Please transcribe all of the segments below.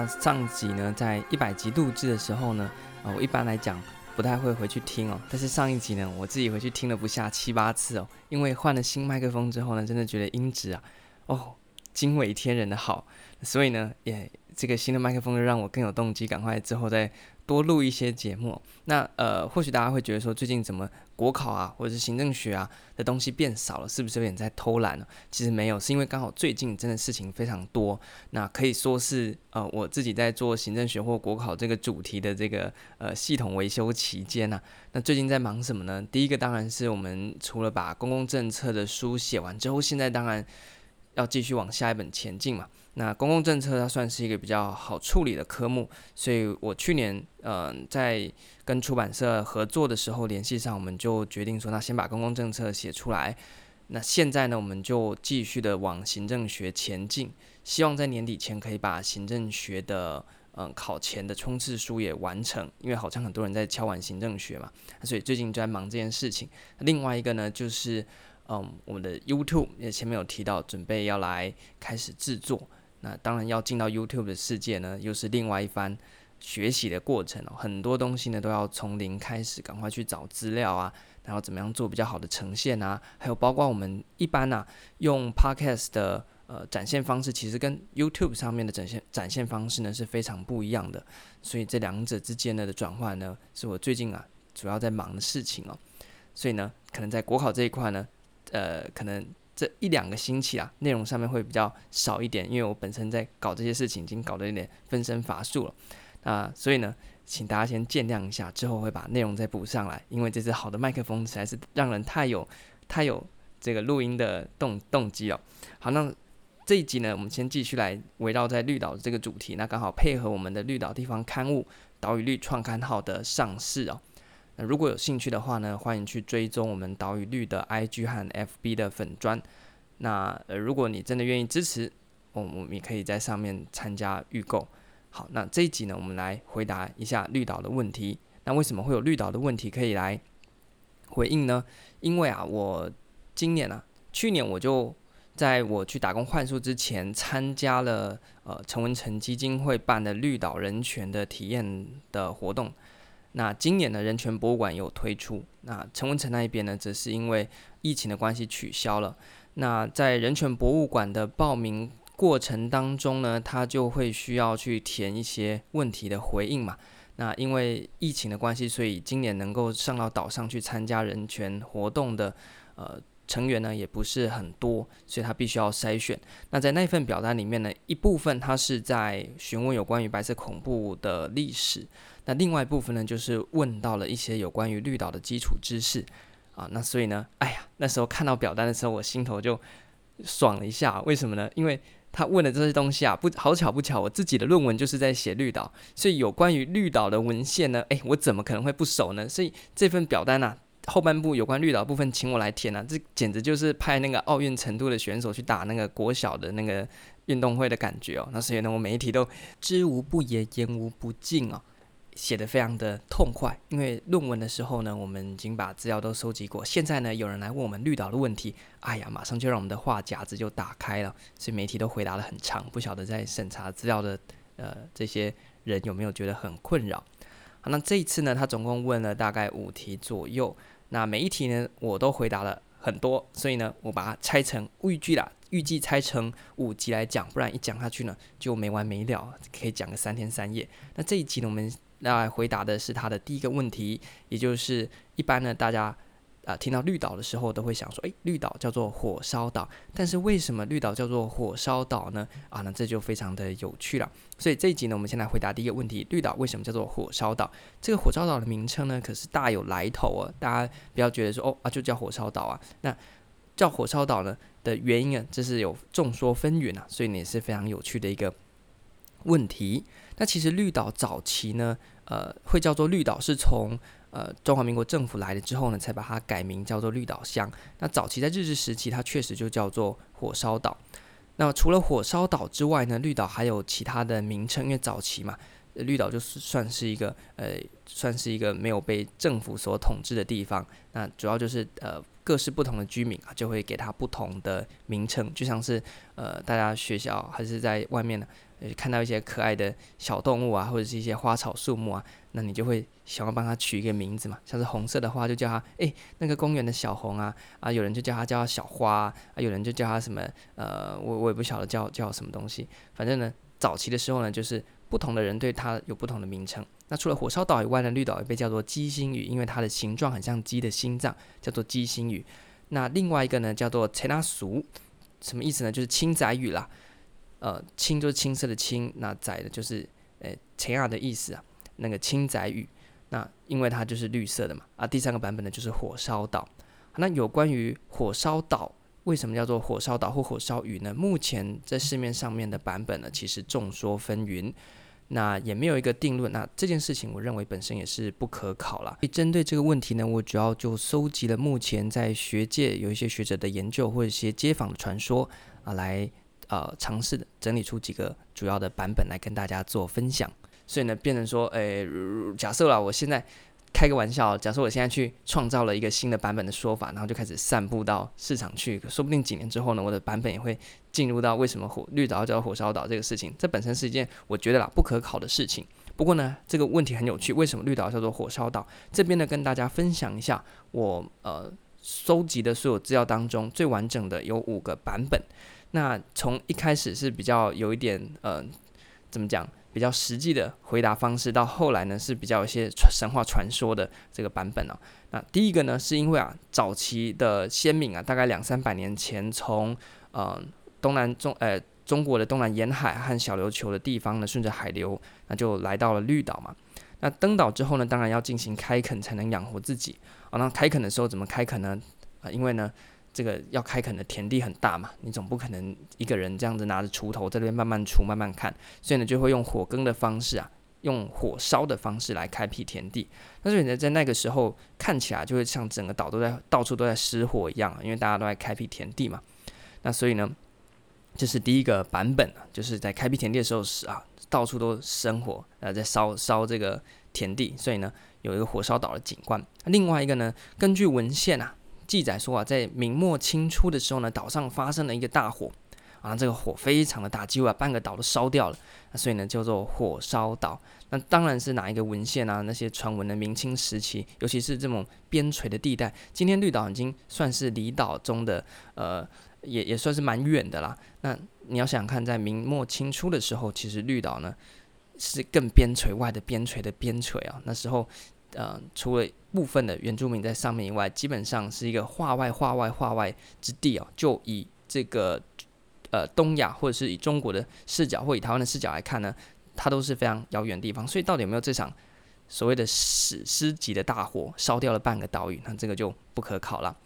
那上一集呢，在一百集錄製的時候呢，啊、哦，我一般來講不太會回去聽哦。但是上一集呢，我自己回去聽了不下七八次哦，因為換了新麥克風之後呢，真的覺得音質啊，哦，驚為天人的好，所以呢，也、yeah。這個新的麥克風就讓我更有動機，趕快之後再多錄一些節目。那呃，或許大家會覺得說，最近怎麼國考啊，或者是行政學啊的東西變少了，是不是有點在偷懶呢、啊？其實沒有，是因為剛好最近真的事情非常多。那可以說是呃，我自己在做行政學或國考這個主題的這個呃系統維修期間吶、啊。那最近在忙什麼呢？第一個當然是我們除了把公共政策的書寫完之後，現在當然要繼續往下一本前進嘛。那公共政策它算是一個比較好處理的科目，所以我去年嗯在跟出版社合作的時候聯繫上，我們就決定說，那先把公共政策寫出來。那現在呢，我們就繼續的往行政學前進，希望在年底前可以把行政學的嗯考前的衝刺書也完成，因為好像很多人在敲完行政學嘛，所以最近就在忙這件事情。另外一個呢，就是嗯我們的 YouTube 也前面有提到，準備要來開始制作。那當然要進到 YouTube 的世界呢，又是另外一番學習的過程哦。很多東西呢都要從零開始，趕快去找資料啊，然後怎麼樣做比較好的呈現啊。還有包括我們一般啊，用 Podcast 的呃展現方式，其實跟 YouTube 上面的展現展現方式呢是非常不一樣的。所以這兩者之間呢的轉換呢，是我最近啊主要在忙的事情哦。所以呢，可能在國考這一塊呢，呃，可能。這一兩個星期啊，內容上面會比較少一點，因為我本身在搞這些事情，已經搞得有點分身乏術了啊，那所以呢，請大家先見諒一下，之後會把內容再補上來。因為這支好的麥克風實在是讓人太有太有這個錄音的動動機哦。好，那這一集呢，我們先繼續來圍繞在綠島這個主題，那剛好配合我們的綠島地方刊物《島嶼綠創刊號》的上市哦。那如果有興趣的話呢，歡迎去追蹤我們島嶼綠的 IG 和 FB 的粉專。那呃，如果你真的願意支持，我們也可以在上面參加預購。好，那這一集呢，我們來回答一下綠島的問題。那為什麼會有綠島的問題可以來回應呢？因為啊，我今年啊，去年我就在我去打工換宿之前，參加了呃陳文成基金會辦的綠島人權的體驗的活動。那今年的人權博物館有推出，那陳文成那一邊呢，則是因為疫情的關係取消了。那在人權博物館的報名過程當中呢，他就會需要去填一些問題的回應嘛。那因為疫情的關係，所以今年能夠上到島上去參加人權活動的呃成員呢，也不是很多，所以他必須要篩選。那在那份表單裡面呢，一部分他是在詢問有關於白色恐怖的歷史。那另外一部分呢，就是問到了一些有關於綠島的基礎知識啊。那所以呢，哎呀，那時候看到表單的時候，我心頭就爽了一下。為什麼呢？因為他問的這些東西啊，不好巧不巧，我自己的論文就是在寫綠島，所以有關於綠島的文獻呢，哎，我怎麼可能會不熟呢？所以這份表單啊，後半部有關綠島部分，請我來填呢，啊，這簡直就是派那個奧運程度的選手去打那個國小的那個運動會的感覺哦。那所以呢，我每一題都知無不言，言無不盡啊、哦。寫得非常的痛快，因為論文的時候呢，我們已經把資料都收集過。現在呢，有人來問我們綠島的問題，哎呀，馬上就讓我們的話匣子就打開了，所以每一題都回答得很長，不曉得在審查資料的呃這些人有沒有覺得很困擾。好，那這一次呢，他總共問了大概五題左右，那每一題呢，我都回答了很多，所以呢，我把它拆成預計啦，預計拆成五集來講，不然一講下去呢就沒完沒了，可以講個三天三夜。那這一集呢，我們。那來回答的是他的第一個問題，也就是一般呢，大家啊、呃、聽到綠島的時候都會想說，誒，綠島叫做火燒島，但是為什麼綠島叫做火燒島呢？啊，那這就非常的有趣了。所以這一集呢，我們先來回答第一個問題：綠島為什麼叫做火燒島？這個火燒島的名稱呢，可是大有來頭哦。大家不要覺得說，哦啊，就叫火燒島啊。那叫火燒島呢的原因啊，這是有眾說紛紜啊，所以呢也是非常有趣的一個。問題，那其實綠島早期呢，呃，會叫做綠島，是從呃中華民國政府來了之後呢，才把它改名叫做綠島鄉。那早期在日治時期，它確實就叫做火燒島。那除了火燒島之外呢，綠島還有其他的名稱，因為早期嘛，綠島就是算是一個呃，算是一個沒有被政府所統治的地方。那主要就是呃。各式不同的居民啊，就會給它不同的名稱，就像是呃，大家學校還是在外面呢，看到一些可愛的小動物啊，或者是一些花草樹木啊，那你就會想要幫它取一個名字嘛，像是紅色的花就叫它誒、欸、那個公園的小紅啊，啊有人就叫它叫他小花啊，啊有人就叫它什麼呃，我我也不曉得叫叫什麼東西，反正呢，早期的時候呢，就是。不同的人對它有不同的名稱。那除了火燒島以外呢，綠島也被叫做雞心嶼，因為它的形狀很像雞的心臟，叫做雞心嶼。那另外一個呢，叫做青拉熟，什麼意思呢？就是青仔嶼啦。呃，青就是青色的青，那仔的就是誒青拉的意思啊，那個青仔嶼。那因為它就是綠色的嘛。啊，第三個版本呢就是火燒島。那有關於火燒島。為什麼叫做火燒島或火燒嶼呢？目前在市面上面的版本呢，其實眾說紛紜，那也沒有一個定論。那這件事情，我認為本身也是不可考了。所以針對這個問題呢，我主要就蒐集了目前在學界有一些學者的研究，或者一些街坊的傳說啊，來呃嘗試整理出幾個主要的版本來跟大家做分享。所以呢，變成說，哎，假設啦，我現在。開個玩笑，假設我現在去創造了一個新的版本的說法，然後就開始散布到市場去，說不定幾年之後呢，我的版本也會進入到為什麼火綠島叫做火燒島這個事情。這本身是一件我覺得啦不可考的事情。不過呢，這個問題很有趣，為什麼綠島叫做火燒島？這邊呢，跟大家分享一下我呃收集的所有資料當中最完整的有五個版本。那從一開始是比較有一點呃，怎麼講？比較實際的回答方式，到後來呢是比較一些神話傳說的這個版本喔。那第一個呢，是因為啊，早期的先民啊，大概兩三百年前，從呃東南中呃中國的東南沿海和小琉球的地方呢，順着海流，那就來到了綠島嘛。那登島之後呢，當然要進行開墾才能養活自己啊哦。那開墾的時候怎麼開墾呢？啊，因為呢。這個要開墾的田地很大嘛，你總不可能一個人這樣子拿着鋤頭在這邊慢慢鋤、慢慢看，所以呢，就會用火耕的方式啊，用火燒的方式來開闢田地。但是呢，在那個時候看起來就會像整個島都在到處都在失火一樣，因為大家都在開闢田地嘛。那所以呢，這、就是第一個版本啊，就是在開闢田地的時候啊，到處都生火啊，在燒燒這個田地，所以呢，有一個火燒島的景觀。另外一個呢，根據文獻啊。記載說啊，在明末清初的時候呢，島上發生了一個大火，啊，這個火非常的大，幾乎把半個島都燒掉了，所以呢叫做火燒島。那當然是哪一個文獻啊，那些傳聞的明清時期，尤其是這種邊陲的地帶。今天綠島已經算是離島中的，呃，也也算是蠻遠的啦。那你要想看，在明末清初的時候，其實綠島呢是更邊陲外的邊陲的邊陲啊，那時候。呃，除了部分的原住民在上面以外，基本上是一個化外、化外、化外之地哦。就以這個呃東亞，或者是以中國的視角，或者以台灣的視角來看呢，它都是非常遙遠的地方。所以到底有沒有這場所謂的史詩級的大火，燒掉了半個島嶼，那這個就不可考了。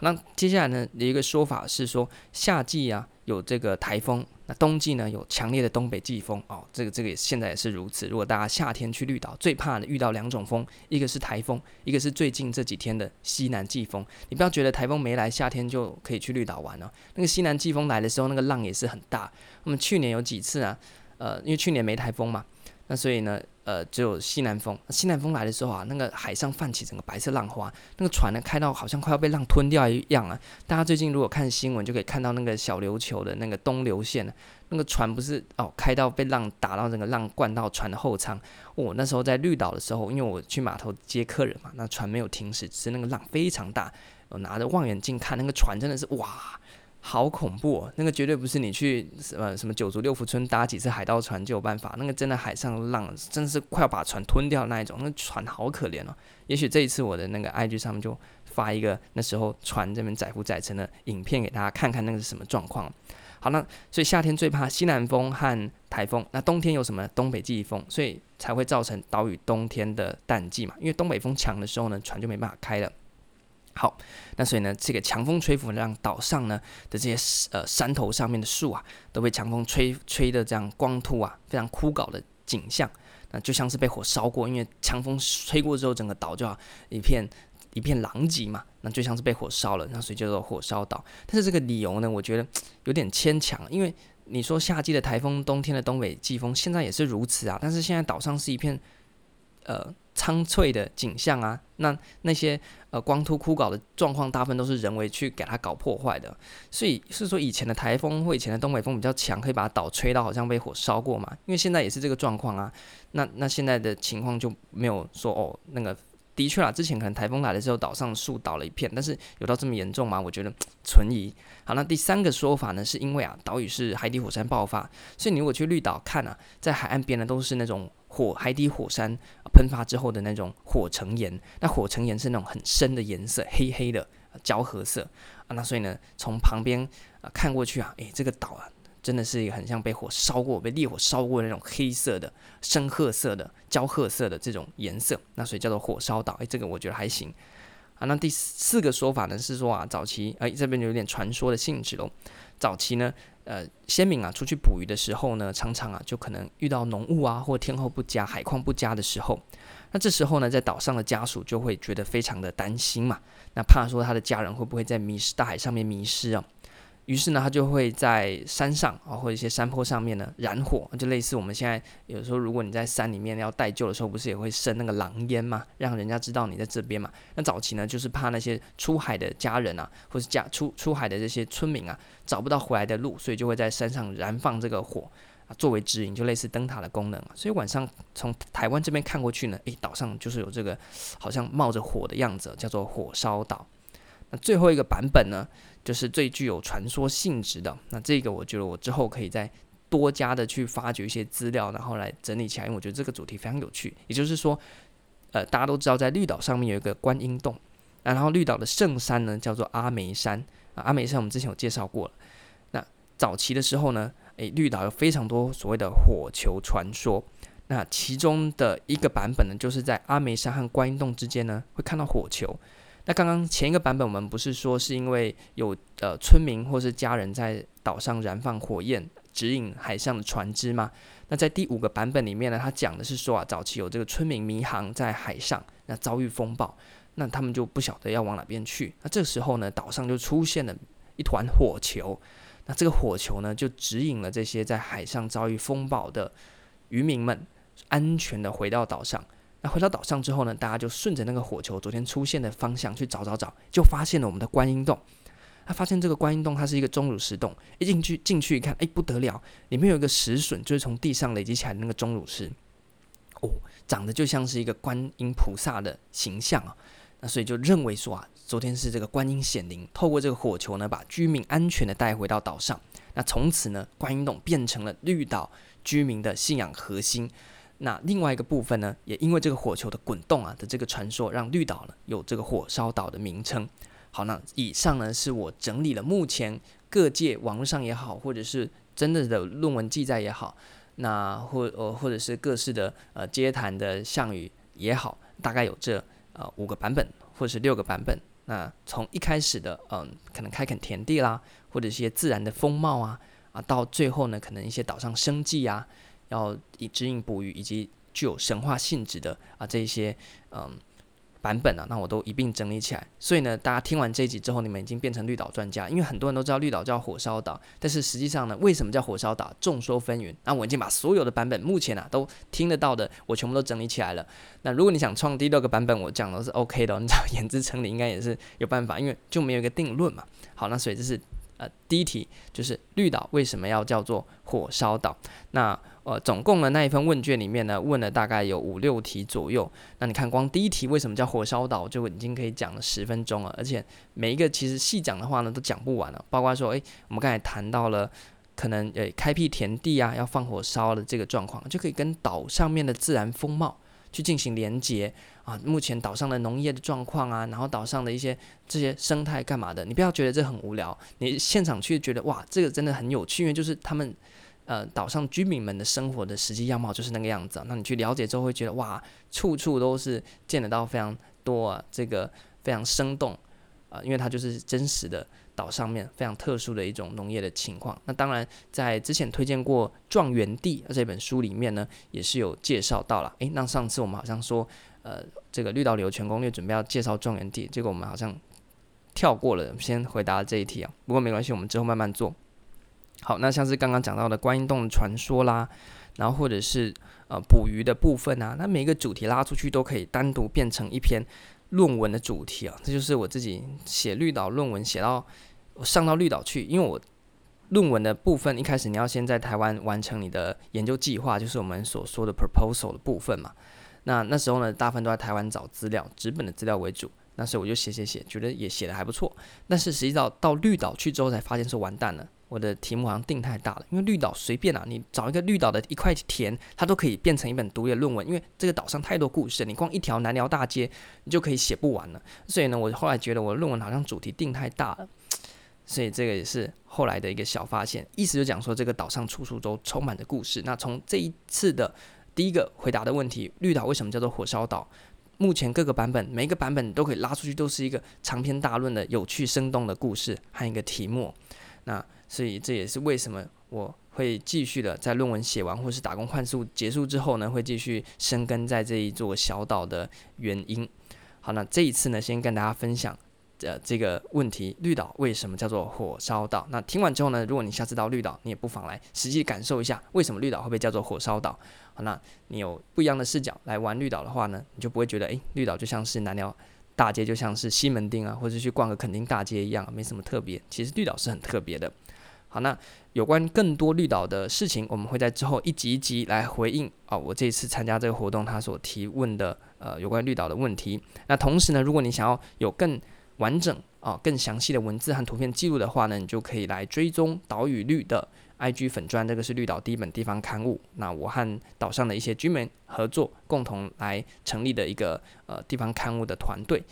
那接下來呢，有一個說法是說，夏季啊。有這個颱風，那冬季呢，有強烈的東北季風哦，這個這個也現在也是如此。如果大家夏天去綠島，最怕遇到兩種風，一個是颱風，一個是最近這幾天的西南季風。你不要覺得颱風沒來，夏天就可以去綠島玩了哦。那個西南季風來的時候，那個浪也是很大。那麼去年有幾次啊？呃，因為去年沒颱風嘛。那所以呢，呃，只有西南風，西南風來的時候啊，那個海上泛起整個白色浪花，那個船呢開到好像快要被浪吞掉一樣啊。大家最近如果看新聞，就可以看到那個小琉球的那個東琉線，那個船不是哦，開到被浪打到，整個浪灌到船的後艙。我、哦、那時候在綠島的時候，因為我去碼頭接客人嘛，那船沒有停駛，只是那個浪非常大。我拿着望遠鏡看那個船，真的是哇！好恐怖哦！那個絕對不是你去呃什,什麼九族六福村搭幾次海盜船就有辦法，那個真的海上浪真的是快要把船吞掉那一種，那個，船好可憐哦。也許這一次我的那個 IG 上面就發一個那時候船這邊載浮載沉的影片給大家看看那個是什麼狀況。好了，所以夏天最怕西南風和颱風，那冬天有什麼？東北季風，所以才會造成島嶼冬天的淡季嘛，因為東北風強的時候呢，船就沒辦法開了。好，那所以呢，這個強風吹拂，讓島上呢的這些呃山頭上面的樹啊，都被強風吹吹得這樣光禿啊，非常枯槁的景象，那就像是被火燒過，因為強風吹過之後，整個島就好一片一片狼藉嘛，那就像是被火燒了，那所以叫做火燒島。但是這個理由呢，我覺得有點牽強，因為你說夏季的颱風，冬天的東北季風，現在也是如此啊，但是現在島上是一片呃。蒼翠的景象啊，那那些呃光禿枯槁的狀況，大部分都是人為去給它搞破壞的。所以是說以前的颱風或以前的東北風比較強，可以把它島吹到好像被火燒過嘛？因為現在也是這個狀況啊。那那現在的情況就沒有說哦，那個的確啦，之前可能颱風來的時候，島上樹倒了一片，但是有到這麼嚴重嗎？我覺得存疑。好，那第三個說法呢，是因為啊，島嶼是海底火山爆發，所以你如果去綠島看啊，在海岸邊呢，都是那種。火，海底火山噴發之後的那種火成岩，那火成岩是那種很深的顏色，黑黑的焦褐色。啊，那所以呢，從旁邊啊、呃、看過去啊，誒、欸，這個島啊真的是一個很像被火燒過、被烈火燒過那種黑色的深褐色的焦褐色的這種顏色。那所以叫做火燒島。誒、欸，這個我覺得還行啊。那第四個說法呢是說啊，早期誒、欸、這邊就有點傳說的性質嘍。早期呢，呃，先民啊出去捕魚的時候呢，常常啊就可能遇到濃霧啊，或天候不佳、海況不佳的時候，那這時候呢，在島上的家屬就會覺得非常的擔心嘛，那怕說他的家人會不會在迷失大海上面迷失啊。於是呢，他就會在山上啊，或者一些山坡上面呢，燃火，就類似我們現在有時候，如果你在山裡面要待救的時候，不是也會生那個狼煙嗎？讓人家知道你在這邊嘛。那早期呢，就是怕那些出海的家人啊，或是家出出海的這些村民啊，找不到回來的路，所以就會在山上燃放這個火啊，作為指引，就類似燈塔的功能啊。所以晚上從台灣這邊看過去呢，誒，欸，島上就是有這個好像冒着火的樣子，叫做火燒島。那最後一個版本呢？就是最具有傳說性質的。那這個我覺得我之後可以再多加的去發掘一些資料，然後來整理起來，因為我覺得這個主題非常有趣。也就是說，呃，大家都知道在綠島上面有一個觀音洞，然後綠島的聖山呢叫做阿梅山啊，阿梅山我們之前有介紹過了。那早期的時候呢，誒、欸，綠島有非常多所謂的火球傳說。那其中的一個版本呢，就是在阿梅山和觀音洞之間呢，會看到火球。那剛剛前一個版本我們不是說是因為有呃村民或是家人在島上燃放火焰指引海上的船隻嗎？那在第五個版本裡面呢，他講的是說啊，早期有這個村民迷航在海上，那遭遇風暴，那他們就不曉得要往哪邊去。那這個時候呢，島上就出現了一團火球，那這個火球呢，就指引了這些在海上遭遇風暴的漁民們安全的回到島上。回到島上之後呢，大家就順着那個火球昨天出現的方向去找找找，就發現了我們的觀音洞。他發現這個觀音洞，它是一個鐘乳石洞。一進去進去一看，誒，不得了，裡面有一個石筍，就是從地上累積起來的那個鐘乳石。哦，長得就像是一個觀音菩薩的形象啊。那所以就認為說啊，昨天是這個觀音顯靈，透過這個火球呢，把居民安全的帶回到島上。那從此呢，觀音洞變成了綠島居民的信仰核心。那另外一個部分呢，也因為這個火球的滾動啊的這個傳說，讓綠島呢有這個火燒島的名稱。好，那以上呢是我整理了目前各界網絡上也好，或者是真的的論文記載也好，那或呃或者是各式的呃街談的巷語也好，大概有這呃五個版本或者是六個版本。那從一開始的嗯、呃，可能開墾田地啦，或者一些自然的風貌啊啊，到最後呢，可能一些島上生計啊。要以指引捕魚以及具有神話性質的啊這些嗯版本啊，那我都一併整理起來。所以呢，大家聽完這一集之後，你們已經變成綠島專家，因為很多人都知道綠島叫火燒島，但是實際上呢，為什麼叫火燒島？眾說紛紜。那我已經把所有的版本，目前呢、啊、都聽得到的，我全部都整理起來了。那如果你想創第六個版本，我講的是 OK 的，你知道言之成理應該也是有辦法，因為就沒有一個定論嘛。好，那所以這是呃第一題，就是綠島為什麼要叫做火燒島？那呃，總共的那一份問卷裡面呢，問了大概有五六題左右。那你看，光第一題為什麼叫火燒島就已經可以講了十分鐘了，而且每一個其實細講的話呢，都講不完了。包括說，哎、欸，我們剛才談到了可能誒、欸，開闢田地啊，要放火燒的這個狀況，就可以跟島上面的自然風貌去進行連接啊。目前島上的農業的狀況啊，然後島上的一些這些生態幹嘛的，你不要覺得這很無聊，你現場去覺得哇，這個真的很有趣，因為就是他們。呃，島上居民們的生活的實際樣貌就是那個樣子、啊。那你去了解之後會覺得哇，處處都是見得到非常多、啊、這個非常生動啊、呃，因為它就是真實的島上面非常特殊的一種農業的情況。那當然，在之前推薦過《狀元地》這本書裡面呢，也是有介紹到了。誒、欸，那上次我們好像說，呃，這個《綠島旅遊全攻略》準備要介紹《狀元地》，結果我們好像跳過了，先回答了這一題啊。不過沒關係，我們之後慢慢做。好，那像是剛剛講到的觀音洞傳說啦，然後或者是呃捕魚的部分啊，那每一個主題拉出去都可以單獨變成一篇論文的主題啊。這就是我自己寫綠島論文寫到我上到綠島去，因為我論文的部分一開始你要先在台灣完成你的研究計劃，就是我們所說的 proposal 的部分嘛。那那時候呢，大部分都在台灣找資料，紙本的資料為主。那時候我就寫寫寫，覺得也寫得還不錯，但是實際上到綠島去之後才發現是完蛋了。我的題目好像定太大了，因為綠島隨便啊，你找一個綠島的一塊田，它都可以變成一本獨立的論文，因為這個島上太多故事，你逛一條南寮大街，你就可以寫不完了。所以呢，我後來覺得我的論文好像主題定太大了，所以這個也是後來的一個小發現，意思就講說這個島上處處都充滿着故事。那從這一次的第一個回答的問題，綠島為什麼叫做火燒島？目前各個版本，每一個版本都可以拉出去，都是一個長篇大論的有趣生動的故事和一個題目。那。所以這也是為什麼我會繼續的在論文寫完，或是打工換宿結束之後呢，會繼續深耕在這一座小島的原因。好，那這一次呢，先跟大家分享呃這個問題，綠島為什麼叫做火燒島？那聽完之後呢，如果你下次到綠島，你也不妨來實際感受一下，為什麼綠島會被叫做火燒島？好，那你有不一樣的視角來玩綠島的話呢，你就不會覺得哎，綠島就像是難聊。大街就像是西門町啊，或者去逛個墾丁大街一樣，沒什麼特別。其實綠島是很特別的。好，那有關更多綠島的事情，我們會在之後一集一集來回應啊，哦，我這一次參加這個活動，他所提問的呃有關綠島的問題。那同時呢，如果你想要有更完整啊，哦，更詳細的文字和圖片記錄的話呢，你就可以來追蹤島嶼綠的。IG 粉專，這個是綠島第一本地方刊物，那我和島上的一些居民合作，共同來成立的一個呃地方刊物的團隊。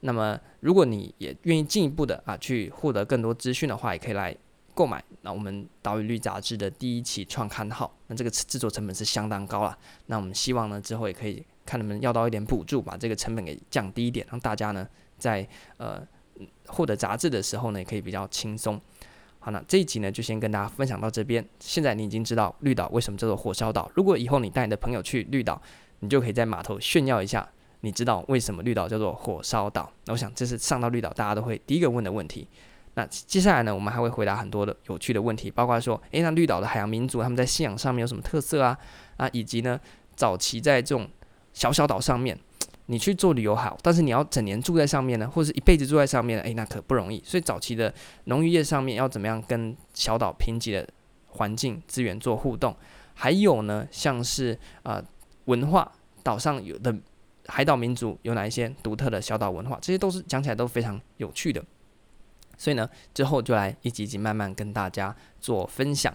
那麼，如果你也願意進一步的啊去獲得更多資訊的話，也可以來購買。那我們島嶼綠雜誌的第一期創刊號，那這個制作成本是相當高了。那我們希望呢，之後也可以看能不能要到一點補助，把這個成本給降低一點，讓大家呢在呃獲得雜誌的時候呢，也可以比較輕鬆。好，那這一集呢，就先跟大家分享到這邊。現在你已經知道綠島為什麼叫做火燒島。如果以後你帶你的朋友去綠島，你就可以在碼頭炫耀一下，你知道為什麼綠島叫做火燒島？那我想這是上到綠島大家都會第一個問的問題。那接下來呢，我們還會回答很多的有趣的問題，包括說，欸，那綠島的海洋民族他們在信仰上面有什麼特色啊？啊，以及呢，早期在這種小小島上面。你去做旅遊好，但是你要整年住在上面呢，或者是一輩子住在上面呢，誒，那可不容易。所以早期的農漁業，業上面要怎麼樣跟小島貧瘠的環境資源做互動？還有呢，像是啊、呃、文化，島上有的海島民族有哪一些獨特的小島文化，這些都是講起來都非常有趣的。所以呢，之後就來一集一集慢慢跟大家做分享。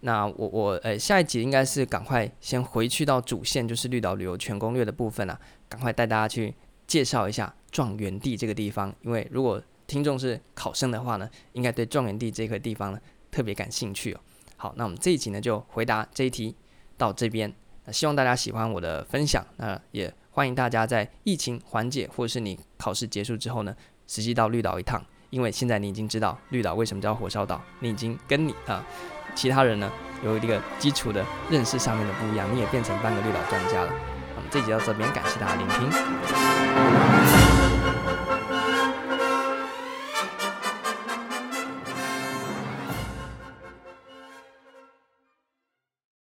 那我我，呃，下一集應該是趕快先回去到主線，就是綠島旅遊全攻略的部分啊，趕快帶大家去介紹一下狀元地這個地方。因為如果聽眾是考生的話呢，應該對狀元地這個地方呢特別感興趣哦。好，那我們這一集呢就回答這一題到這邊。那希望大家喜歡我的分享，那也歡迎大家在疫情緩解或是你考試結束之後呢，實際到綠島一趟。因為現在你已經知道綠島為什麼叫火燒島，你已經跟你啊。其他人呢，由於這個基礎的認識上面的不一樣，你也變成半個綠島專家了。那麼這集到這邊，感謝大家聆聽。